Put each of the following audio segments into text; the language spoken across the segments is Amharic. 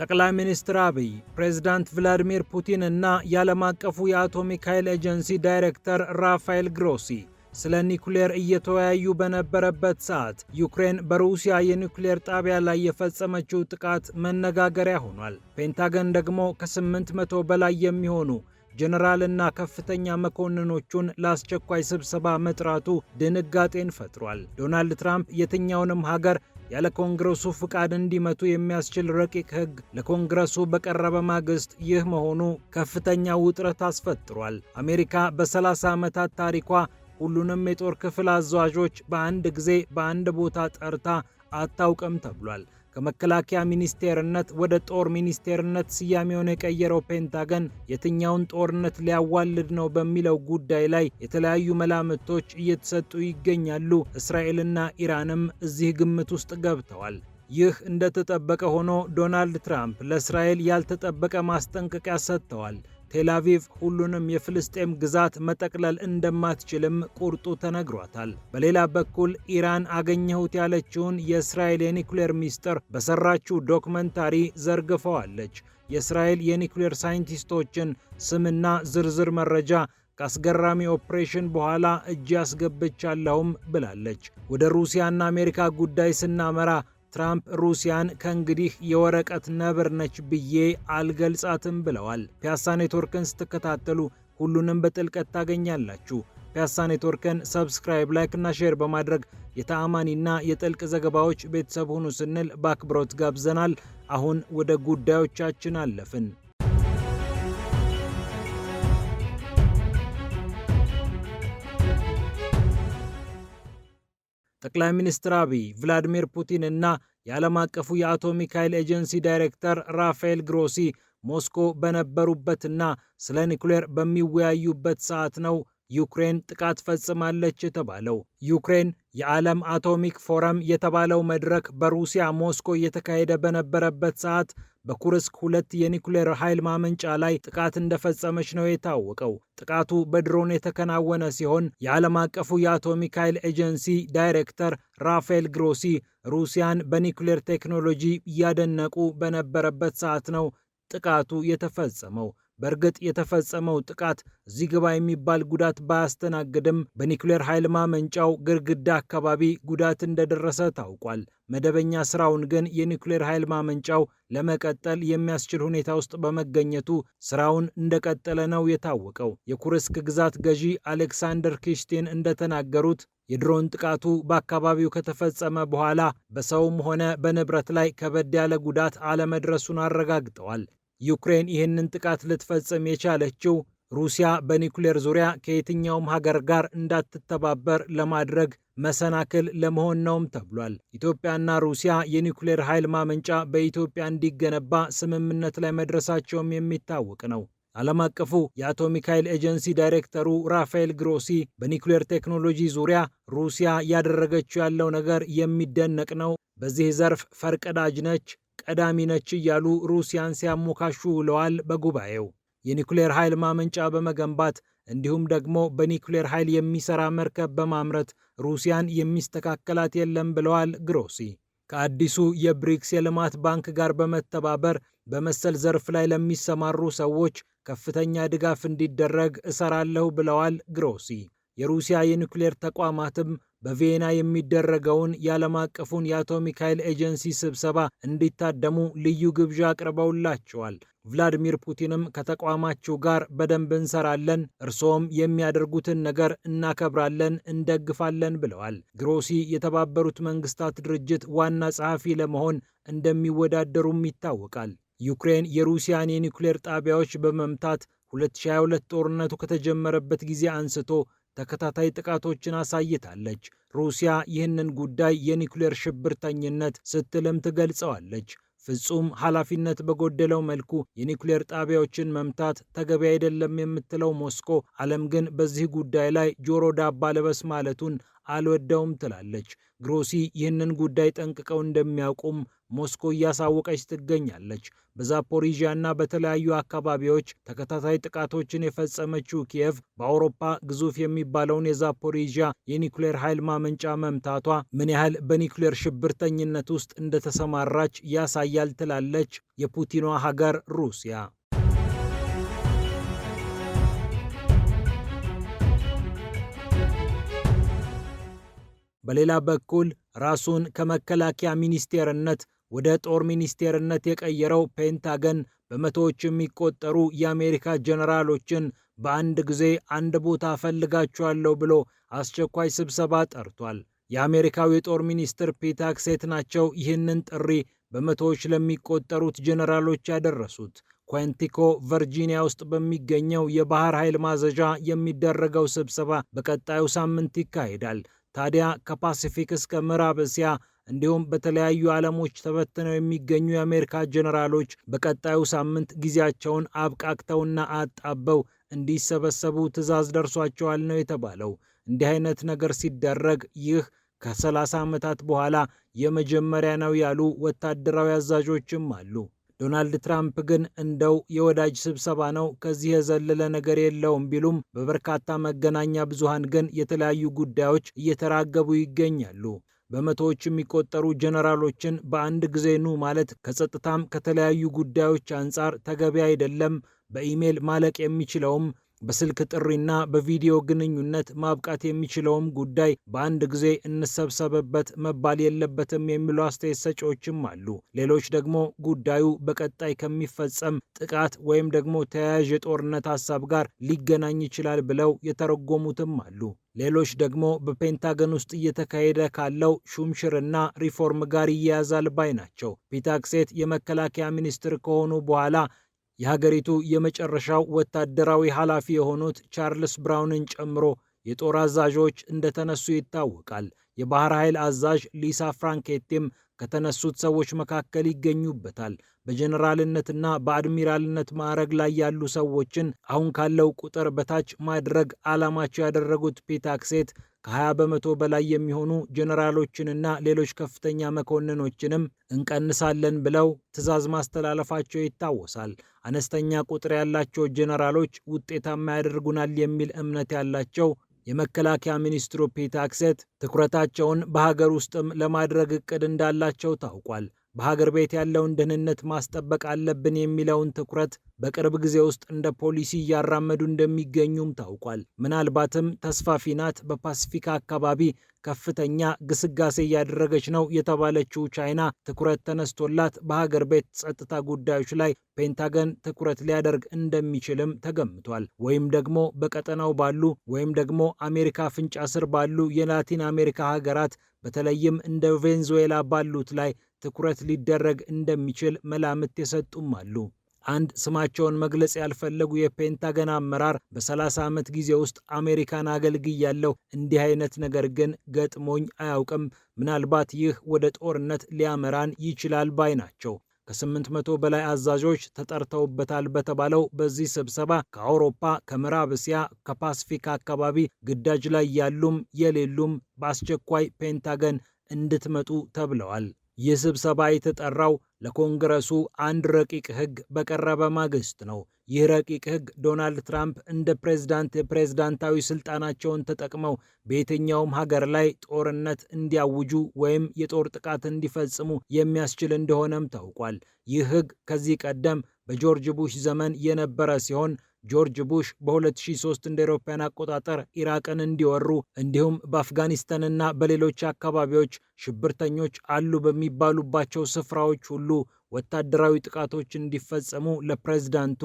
ጠቅላይ ሚኒስትር አብይ ፕሬዝዳንት ቭላዲሚር ፑቲን እና የዓለም አቀፉ የአቶሚክ ኃይል ኤጀንሲ ዳይሬክተር ራፋኤል ግሮሲ ስለ ኒውክሌር እየተወያዩ በነበረበት ሰዓት ዩክሬን በሩሲያ የኒውክሌር ጣቢያ ላይ የፈጸመችው ጥቃት መነጋገሪያ ሆኗል። ፔንታገን ደግሞ ከ800 በላይ የሚሆኑ ጀነራልና ከፍተኛ መኮንኖቹን ለአስቸኳይ ስብሰባ መጥራቱ ድንጋጤን ፈጥሯል። ዶናልድ ትራምፕ የትኛውንም ሀገር ያለ ኮንግረሱ ፍቃድ እንዲመቱ የሚያስችል ረቂቅ ህግ ለኮንግረሱ በቀረበ ማግስት ይህ መሆኑ ከፍተኛ ውጥረት አስፈጥሯል። አሜሪካ በ30 ዓመታት ታሪኳ ሁሉንም የጦር ክፍል አዛዦች በአንድ ጊዜ በአንድ ቦታ ጠርታ አታውቅም ተብሏል። ከመከላከያ ሚኒስቴርነት ወደ ጦር ሚኒስቴርነት ስያሜውን የቀየረው ፔንታገን የትኛውን ጦርነት ሊያዋልድ ነው በሚለው ጉዳይ ላይ የተለያዩ መላምቶች እየተሰጡ ይገኛሉ። እስራኤልና ኢራንም እዚህ ግምት ውስጥ ገብተዋል። ይህ እንደተጠበቀ ሆኖ ዶናልድ ትራምፕ ለእስራኤል ያልተጠበቀ ማስጠንቀቂያ ሰጥተዋል። ቴላቪቭ ሁሉንም የፍልስጤም ግዛት መጠቅለል እንደማትችልም ቁርጡ ተነግሯታል። በሌላ በኩል ኢራን አገኘሁት ያለችውን የእስራኤል የኒኩሌር ሚስጥር በሰራችው ዶክመንታሪ ዘርግፈዋለች። የእስራኤል የኒኩሌር ሳይንቲስቶችን ስምና ዝርዝር መረጃ ከአስገራሚ ኦፕሬሽን በኋላ እጅ ያስገብቻለሁም ብላለች። ወደ ሩሲያና አሜሪካ ጉዳይ ስናመራ ትራምፕ ሩሲያን ከእንግዲህ የወረቀት ነብር ነች ብዬ አልገልጻትም ብለዋል። ፒያሳ ኔትወርክን ስትከታተሉ ሁሉንም በጥልቀት ታገኛላችሁ። ፒያሳ ኔትወርክን ሰብስክራይብ፣ ላይክና ሼር በማድረግ የተአማኒና የጥልቅ ዘገባዎች ቤተሰብ ሁኑ ስንል በአክብሮት ጋብዘናል። አሁን ወደ ጉዳዮቻችን አለፍን። ጠቅላይ ሚኒስትር አብይ ቭላዲሚር ፑቲን እና የዓለም አቀፉ የአቶሚክ ኃይል ኤጀንሲ ዳይሬክተር ራፋኤል ግሮሲ ሞስኮ በነበሩበትና ስለ ኒውክሌር በሚወያዩበት ሰዓት ነው ዩክሬን ጥቃት ፈጽማለች የተባለው። ዩክሬን የዓለም አቶሚክ ፎረም የተባለው መድረክ በሩሲያ ሞስኮ እየተካሄደ በነበረበት ሰዓት በኩርስክ ሁለት የኒኩሌር ኃይል ማመንጫ ላይ ጥቃት እንደፈጸመች ነው የታወቀው። ጥቃቱ በድሮን የተከናወነ ሲሆን የዓለም አቀፉ የአቶሚክ ኃይል ኤጀንሲ ዳይሬክተር ራፋኤል ግሮሲ ሩሲያን በኒኩሌር ቴክኖሎጂ እያደነቁ በነበረበት ሰዓት ነው ጥቃቱ የተፈጸመው። በእርግጥ የተፈጸመው ጥቃት እዚህ ግባ የሚባል ጉዳት ባያስተናግድም በኒውክሌር ኃይል ማመንጫው ግድግዳ አካባቢ ጉዳት እንደደረሰ ታውቋል። መደበኛ ስራውን ግን የኒውክሌር ኃይል ማመንጫው ለመቀጠል የሚያስችል ሁኔታ ውስጥ በመገኘቱ ስራውን እንደቀጠለ ነው የታወቀው። የኩርስክ ግዛት ገዢ አሌክሳንደር ኪሽቲን እንደተናገሩት የድሮን ጥቃቱ በአካባቢው ከተፈጸመ በኋላ በሰውም ሆነ በንብረት ላይ ከበድ ያለ ጉዳት አለመድረሱን አረጋግጠዋል። ዩክሬን ይህንን ጥቃት ልትፈጽም የቻለችው ሩሲያ በኒውክሌር ዙሪያ ከየትኛውም ሀገር ጋር እንዳትተባበር ለማድረግ መሰናክል ለመሆን ነውም ተብሏል። ኢትዮጵያና ሩሲያ የኒውክሌር ኃይል ማመንጫ በኢትዮጵያ እንዲገነባ ስምምነት ላይ መድረሳቸውም የሚታወቅ ነው። ዓለም አቀፉ የአቶሚክ ኃይል ኤጀንሲ ዳይሬክተሩ ራፋኤል ግሮሲ በኒውክሌር ቴክኖሎጂ ዙሪያ ሩሲያ እያደረገችው ያለው ነገር የሚደነቅ ነው። በዚህ ዘርፍ ፈርቀዳጅ ነች። ቀዳሚ ነች እያሉ ሩሲያን ሲያሞካሹ ውለዋል። በጉባኤው የኒኩሌር ኃይል ማመንጫ በመገንባት እንዲሁም ደግሞ በኒኩሌር ኃይል የሚሰራ መርከብ በማምረት ሩሲያን የሚስተካከላት የለም ብለዋል ግሮሲ። ከአዲሱ የብሪክስ የልማት ባንክ ጋር በመተባበር በመሰል ዘርፍ ላይ ለሚሰማሩ ሰዎች ከፍተኛ ድጋፍ እንዲደረግ እሰራለሁ ብለዋል ግሮሲ። የሩሲያ የኒኩሌር ተቋማትም በቪየና የሚደረገውን የዓለም አቀፉን የአቶሚክ ኃይል ኤጀንሲ ስብሰባ እንዲታደሙ ልዩ ግብዣ አቅርበውላቸዋል። ቭላዲሚር ፑቲንም ከተቋማችሁ ጋር በደንብ እንሰራለን፣ እርስዎም የሚያደርጉትን ነገር እናከብራለን፣ እንደግፋለን ብለዋል። ግሮሲ የተባበሩት መንግስታት ድርጅት ዋና ጸሐፊ ለመሆን እንደሚወዳደሩም ይታወቃል። ዩክሬን የሩሲያን የኒውክሌር ጣቢያዎች በመምታት 2022 ጦርነቱ ከተጀመረበት ጊዜ አንስቶ ተከታታይ ጥቃቶችን አሳይታለች። ሩሲያ ይህንን ጉዳይ የኒውክሌር ሽብርተኝነት ስትልም ትገልጸዋለች። ፍጹም ኃላፊነት በጎደለው መልኩ የኒውክሌር ጣቢያዎችን መምታት ተገቢ አይደለም የምትለው ሞስኮ ዓለም ግን በዚህ ጉዳይ ላይ ጆሮ ዳባ ልበስ ማለቱን አልወደውም ትላለች። ግሮሲ ይህንን ጉዳይ ጠንቅቀው እንደሚያውቁም ሞስኮ እያሳወቀች ትገኛለች። ና በተለያዩ አካባቢዎች ተከታታይ ጥቃቶችን የፈጸመችው ኪየቭ በአውሮፓ ግዙፍ የሚባለውን የዛፖሪዣ የኒኩሌር ኃይል ማመንጫ መምታቷ ምን ያህል በኒኩሌር ሽብርተኝነት ውስጥ እንደተሰማራች ያሳያል ትላለች የፑቲኗ ሀገር ሩሲያ። በሌላ በኩል ራሱን ከመከላከያ ሚኒስቴርነት ወደ ጦር ሚኒስቴርነት የቀየረው ፔንታገን በመቶዎች የሚቆጠሩ የአሜሪካ ጀነራሎችን በአንድ ጊዜ አንድ ቦታ ፈልጋቸዋለሁ ብሎ አስቸኳይ ስብሰባ ጠርቷል። የአሜሪካው የጦር ሚኒስትር ፒታክሴት ናቸው ይህንን ጥሪ በመቶዎች ለሚቆጠሩት ጀነራሎች ያደረሱት። ኳንቲኮ ቨርጂኒያ ውስጥ በሚገኘው የባህር ኃይል ማዘዣ የሚደረገው ስብሰባ በቀጣዩ ሳምንት ይካሄዳል። ታዲያ ከፓሲፊክ እስከ ምዕራብ እስያ እንዲሁም በተለያዩ ዓለሞች ተበትነው የሚገኙ የአሜሪካ ጀኔራሎች በቀጣዩ ሳምንት ጊዜያቸውን አብቃቅተውና አጣበው እንዲሰበሰቡ ትዕዛዝ ደርሷቸዋል ነው የተባለው። እንዲህ አይነት ነገር ሲደረግ ይህ ከ30 ዓመታት በኋላ የመጀመሪያ ነው ያሉ ወታደራዊ አዛዦችም አሉ። ዶናልድ ትራምፕ ግን እንደው የወዳጅ ስብሰባ ነው፣ ከዚህ የዘለለ ነገር የለውም ቢሉም በበርካታ መገናኛ ብዙሃን ግን የተለያዩ ጉዳዮች እየተራገቡ ይገኛሉ። በመቶዎች የሚቆጠሩ ጀነራሎችን በአንድ ጊዜ ኑ ማለት ከጸጥታም ከተለያዩ ጉዳዮች አንጻር ተገቢ አይደለም፣ በኢሜይል ማለቅ የሚችለውም በስልክ ጥሪና በቪዲዮ ግንኙነት ማብቃት የሚችለውም ጉዳይ በአንድ ጊዜ እንሰብሰብበት መባል የለበትም የሚሉ አስተያየት ሰጪዎችም አሉ። ሌሎች ደግሞ ጉዳዩ በቀጣይ ከሚፈጸም ጥቃት ወይም ደግሞ ተያያዥ የጦርነት ሀሳብ ጋር ሊገናኝ ይችላል ብለው የተረጎሙትም አሉ። ሌሎች ደግሞ በፔንታገን ውስጥ እየተካሄደ ካለው ሹምሽርና ሪፎርም ጋር ይያያዛል ባይ ናቸው። ፒታክሴት የመከላከያ ሚኒስትር ከሆኑ በኋላ የሀገሪቱ የመጨረሻው ወታደራዊ ኃላፊ የሆኑት ቻርልስ ብራውንን ጨምሮ የጦር አዛዦች እንደተነሱ ይታወቃል። የባህር ኃይል አዛዥ ሊሳ ፍራንኬቴም ከተነሱት ሰዎች መካከል ይገኙበታል። በጀኔራልነትና በአድሚራልነት ማዕረግ ላይ ያሉ ሰዎችን አሁን ካለው ቁጥር በታች ማድረግ ዓላማቸው ያደረጉት ፒታክሴት ከ20 በመቶ በላይ የሚሆኑ ጀነራሎችንና ሌሎች ከፍተኛ መኮንኖችንም እንቀንሳለን ብለው ትዕዛዝ ማስተላለፋቸው ይታወሳል። አነስተኛ ቁጥር ያላቸው ጀነራሎች ውጤታማ ያደርጉናል የሚል እምነት ያላቸው የመከላከያ ሚኒስትሩ ፒት አክሴት ትኩረታቸውን በሀገር ውስጥም ለማድረግ እቅድ እንዳላቸው ታውቋል። በሀገር ቤት ያለውን ደህንነት ማስጠበቅ አለብን የሚለውን ትኩረት በቅርብ ጊዜ ውስጥ እንደ ፖሊሲ እያራመዱ እንደሚገኙም ታውቋል። ምናልባትም ተስፋፊ ናት በፓሲፊክ አካባቢ ከፍተኛ ግስጋሴ እያደረገች ነው የተባለችው ቻይና ትኩረት ተነስቶላት በሀገር ቤት ጸጥታ ጉዳዮች ላይ ፔንታገን ትኩረት ሊያደርግ እንደሚችልም ተገምቷል። ወይም ደግሞ በቀጠናው ባሉ ወይም ደግሞ አሜሪካ አፍንጫ ስር ባሉ የላቲን አሜሪካ ሀገራት በተለይም እንደ ቬንዙዌላ ባሉት ላይ ትኩረት ሊደረግ እንደሚችል መላምት የሰጡም አሉ። አንድ ስማቸውን መግለጽ ያልፈለጉ የፔንታገን አመራር በ30 ዓመት ጊዜ ውስጥ አሜሪካን አገልግያለሁ፣ እንዲህ አይነት ነገር ግን ገጥሞኝ አያውቅም፣ ምናልባት ይህ ወደ ጦርነት ሊያመራን ይችላል ባይ ናቸው። ከ800 በላይ አዛዦች ተጠርተውበታል በተባለው በዚህ ስብሰባ ከአውሮፓ፣ ከምዕራብ እስያ፣ ከፓስፊክ አካባቢ ግዳጅ ላይ ያሉም የሌሉም በአስቸኳይ ፔንታገን እንድትመጡ ተብለዋል። ይህ ስብሰባ የተጠራው ለኮንግረሱ አንድ ረቂቅ ሕግ በቀረበ ማግስት ነው። ይህ ረቂቅ ሕግ ዶናልድ ትራምፕ እንደ ፕሬዝዳንት የፕሬዝዳንታዊ ስልጣናቸውን ተጠቅመው በየትኛውም ሀገር ላይ ጦርነት እንዲያውጁ ወይም የጦር ጥቃት እንዲፈጽሙ የሚያስችል እንደሆነም ታውቋል። ይህ ሕግ ከዚህ ቀደም በጆርጅ ቡሽ ዘመን የነበረ ሲሆን ጆርጅ ቡሽ በ2003 እንደ አውሮፓውያን አቆጣጠር ኢራቅን እንዲወሩ እንዲሁም በአፍጋኒስታንና በሌሎች አካባቢዎች ሽብርተኞች አሉ በሚባሉባቸው ስፍራዎች ሁሉ ወታደራዊ ጥቃቶች እንዲፈጸሙ ለፕሬዝዳንቱ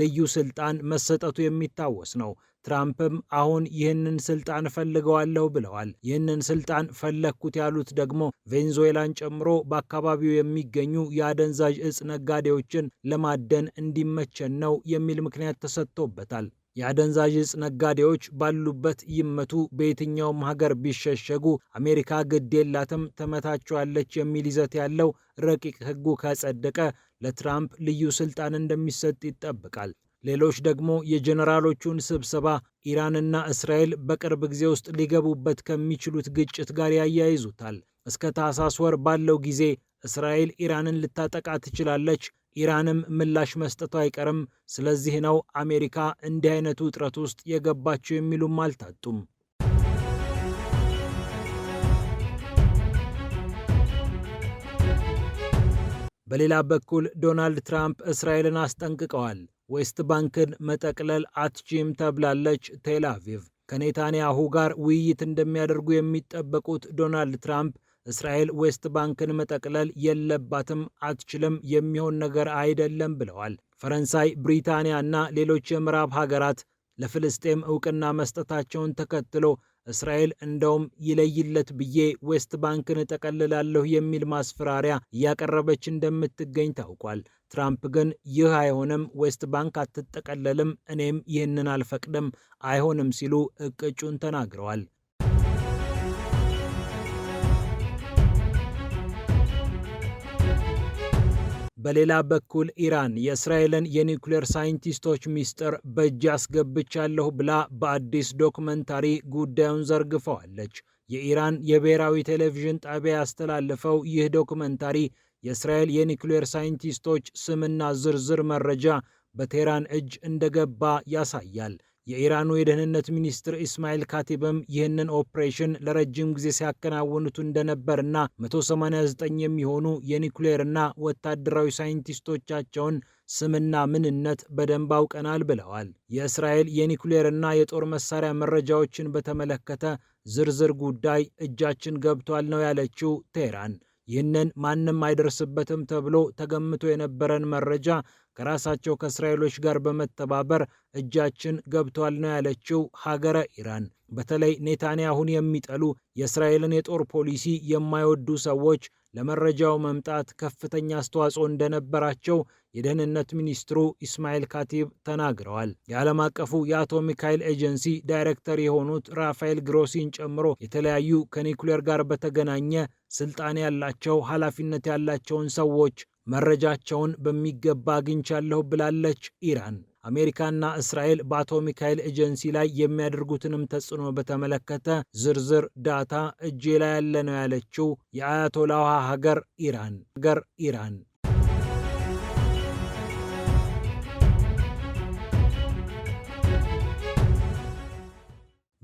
ልዩ ስልጣን መሰጠቱ የሚታወስ ነው። ትራምፕም አሁን ይህንን ስልጣን ፈልገዋለሁ ብለዋል። ይህንን ስልጣን ፈለግኩት ያሉት ደግሞ ቬንዙዌላን ጨምሮ በአካባቢው የሚገኙ የአደንዛዥ እጽ ነጋዴዎችን ለማደን እንዲመቸን ነው የሚል ምክንያት ተሰጥቶበታል። የአደንዛዥ እጽ ነጋዴዎች ባሉበት ይመቱ፣ በየትኛውም ሀገር ቢሸሸጉ አሜሪካ ግድ የላትም ትመታቸዋለች የሚል ይዘት ያለው ረቂቅ ሕጉ ከጸደቀ ለትራምፕ ልዩ ስልጣን እንደሚሰጥ ይጠበቃል። ሌሎች ደግሞ የጀነራሎቹን ስብሰባ ኢራንና እስራኤል በቅርብ ጊዜ ውስጥ ሊገቡበት ከሚችሉት ግጭት ጋር ያያይዙታል። እስከ ታህሳስ ወር ባለው ጊዜ እስራኤል ኢራንን ልታጠቃ ትችላለች። ኢራንም ምላሽ መስጠቱ አይቀርም። ስለዚህ ነው አሜሪካ እንዲህ አይነቱ ውጥረት ውስጥ የገባችው የሚሉም አልታጡም። በሌላ በኩል ዶናልድ ትራምፕ እስራኤልን አስጠንቅቀዋል። ዌስት ባንክን መጠቅለል አትችም ተብላለች ቴል አቪቭ። ከኔታንያሁ ጋር ውይይት እንደሚያደርጉ የሚጠበቁት ዶናልድ ትራምፕ እስራኤል ዌስት ባንክን መጠቅለል የለባትም፣ አትችልም፣ የሚሆን ነገር አይደለም ብለዋል። ፈረንሳይ፣ ብሪታንያ እና ሌሎች የምዕራብ ሀገራት ለፍልስጤም እውቅና መስጠታቸውን ተከትሎ እስራኤል እንደውም ይለይለት ብዬ ዌስት ባንክን እጠቀልላለሁ የሚል ማስፈራሪያ እያቀረበች እንደምትገኝ ታውቋል። ትራምፕ ግን ይህ አይሆንም፣ ዌስት ባንክ አትጠቀለልም፣ እኔም ይህንን አልፈቅድም፣ አይሆንም ሲሉ እቅጩን ተናግረዋል። በሌላ በኩል ኢራን የእስራኤልን የኒውክሌር ሳይንቲስቶች ሚስጥር በእጅ አስገብቻለሁ ብላ በአዲስ ዶክመንታሪ ጉዳዩን ዘርግፈዋለች። የኢራን የብሔራዊ ቴሌቪዥን ጣቢያ ያስተላለፈው ይህ ዶክመንታሪ የእስራኤል የኒውክሌር ሳይንቲስቶች ስምና ዝርዝር መረጃ በቴህራን እጅ እንደገባ ያሳያል። የኢራኑ የደህንነት ሚኒስትር ኢስማኤል ካቲብም ይህንን ኦፕሬሽን ለረጅም ጊዜ ሲያከናውኑት እንደነበርና 189 የሚሆኑ የኒኩሌርና ወታደራዊ ሳይንቲስቶቻቸውን ስምና ምንነት በደንብ አውቀናል ብለዋል። የእስራኤል የኒኩሌርና የጦር መሳሪያ መረጃዎችን በተመለከተ ዝርዝር ጉዳይ እጃችን ገብቷል ነው ያለችው ቴህራን። ይህንን ማንም አይደርስበትም ተብሎ ተገምቶ የነበረን መረጃ ከራሳቸው ከእስራኤሎች ጋር በመተባበር እጃችን ገብቷል ነው ያለችው ሀገረ ኢራን። በተለይ ኔታንያሁን የሚጠሉ የእስራኤልን የጦር ፖሊሲ የማይወዱ ሰዎች ለመረጃው መምጣት ከፍተኛ አስተዋጽኦ እንደነበራቸው የደህንነት ሚኒስትሩ ኢስማኤል ካቲብ ተናግረዋል። የዓለም አቀፉ የአቶሚክ ኃይል ኤጀንሲ ዳይሬክተር የሆኑት ራፋኤል ግሮሲን ጨምሮ የተለያዩ ከኒውክሌር ጋር በተገናኘ ስልጣን ያላቸው ኃላፊነት ያላቸውን ሰዎች መረጃቸውን በሚገባ አግኝቻለሁ ብላለች ኢራን። አሜሪካና እስራኤል በአቶሚክ ኃይል ኤጀንሲ ላይ የሚያደርጉትንም ተጽዕኖ በተመለከተ ዝርዝር ዳታ እጄ ላይ ያለ ነው ያለችው የአያቶላዋ ሀገር ኢራን ሀገር ኢራን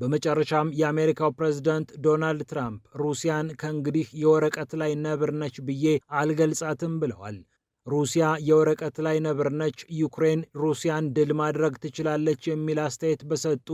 በመጨረሻም የአሜሪካው ፕሬዝዳንት ዶናልድ ትራምፕ ሩሲያን ከእንግዲህ የወረቀት ላይ ነብር ነች ብዬ አልገልጻትም ብለዋል። ሩሲያ የወረቀት ላይ ነብር ነች፣ ዩክሬን ሩሲያን ድል ማድረግ ትችላለች የሚል አስተያየት በሰጡ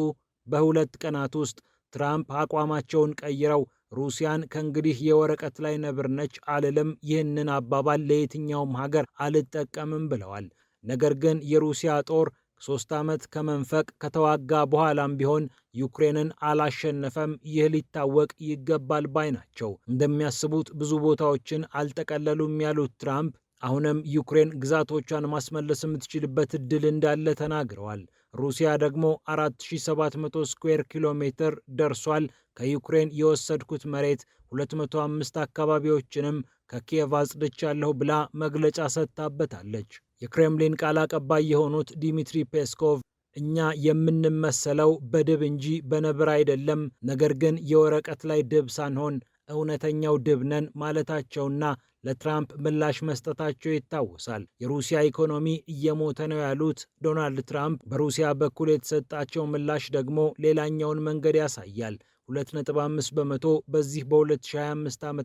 በሁለት ቀናት ውስጥ ትራምፕ አቋማቸውን ቀይረው ሩሲያን ከእንግዲህ የወረቀት ላይ ነብር ነች አልልም፣ ይህንን አባባል ለየትኛውም ሀገር አልጠቀምም ብለዋል። ነገር ግን የሩሲያ ጦር ሶስት ዓመት ከመንፈቅ ከተዋጋ በኋላም ቢሆን ዩክሬንን አላሸነፈም። ይህ ሊታወቅ ይገባል ባይ ናቸው። እንደሚያስቡት ብዙ ቦታዎችን አልጠቀለሉም ያሉት ትራምፕ አሁንም ዩክሬን ግዛቶቿን ማስመለስ የምትችልበት እድል እንዳለ ተናግረዋል። ሩሲያ ደግሞ 4700 ስኩዌር ኪሎ ሜትር ደርሷል፣ ከዩክሬን የወሰድኩት መሬት 205 አካባቢዎችንም ከኪየቭ አጽድቻለሁ ብላ መግለጫ ሰጥታበታለች። የክሬምሊን ቃል አቀባይ የሆኑት ዲሚትሪ ፔስኮቭ እኛ የምንመሰለው በድብ እንጂ በነብር አይደለም፣ ነገር ግን የወረቀት ላይ ድብ ሳንሆን እውነተኛው ድብ ነን ማለታቸውና ለትራምፕ ምላሽ መስጠታቸው ይታወሳል። የሩሲያ ኢኮኖሚ እየሞተ ነው ያሉት ዶናልድ ትራምፕ በሩሲያ በኩል የተሰጣቸው ምላሽ ደግሞ ሌላኛውን መንገድ ያሳያል። 2.5 በመቶ በዚህ በ2025 ዓ.ም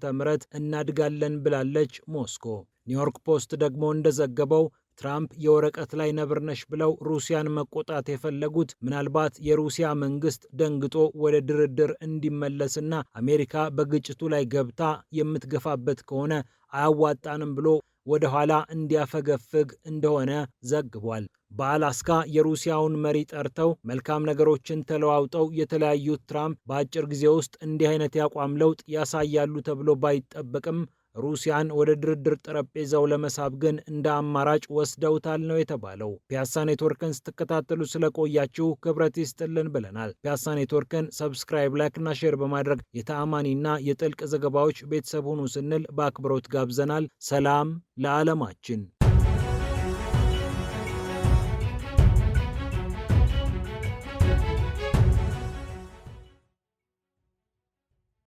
እናድጋለን ብላለች ሞስኮ። ኒውዮርክ ፖስት ደግሞ እንደዘገበው ትራምፕ የወረቀት ላይ ነብርነሽ ብለው ሩሲያን መቆጣት የፈለጉት ምናልባት የሩሲያ መንግስት ደንግጦ ወደ ድርድር እንዲመለስና አሜሪካ በግጭቱ ላይ ገብታ የምትገፋበት ከሆነ አያዋጣንም ብሎ ወደ ኋላ እንዲያፈገፍግ እንደሆነ ዘግቧል። በአላስካ የሩሲያውን መሪ ጠርተው መልካም ነገሮችን ተለዋውጠው የተለያዩት ትራምፕ በአጭር ጊዜ ውስጥ እንዲህ አይነት ያቋም ለውጥ ያሳያሉ ተብሎ ባይጠበቅም ሩሲያን ወደ ድርድር ጠረጴዛው ለመሳብ ግን እንደ አማራጭ ወስደውታል ነው የተባለው። ፒያሳ ኔትወርክን ስትከታተሉ ስለቆያችሁ ክብረት ይስጥልን ብለናል። ፒያሳ ኔትወርክን ሰብስክራይብ፣ እና ሼር በማድረግ የተአማኒና የጥልቅ ዘገባዎች ቤተሰብ ሁኑ ስንል በአክብሮት ጋብዘናል። ሰላም ለዓለማችን።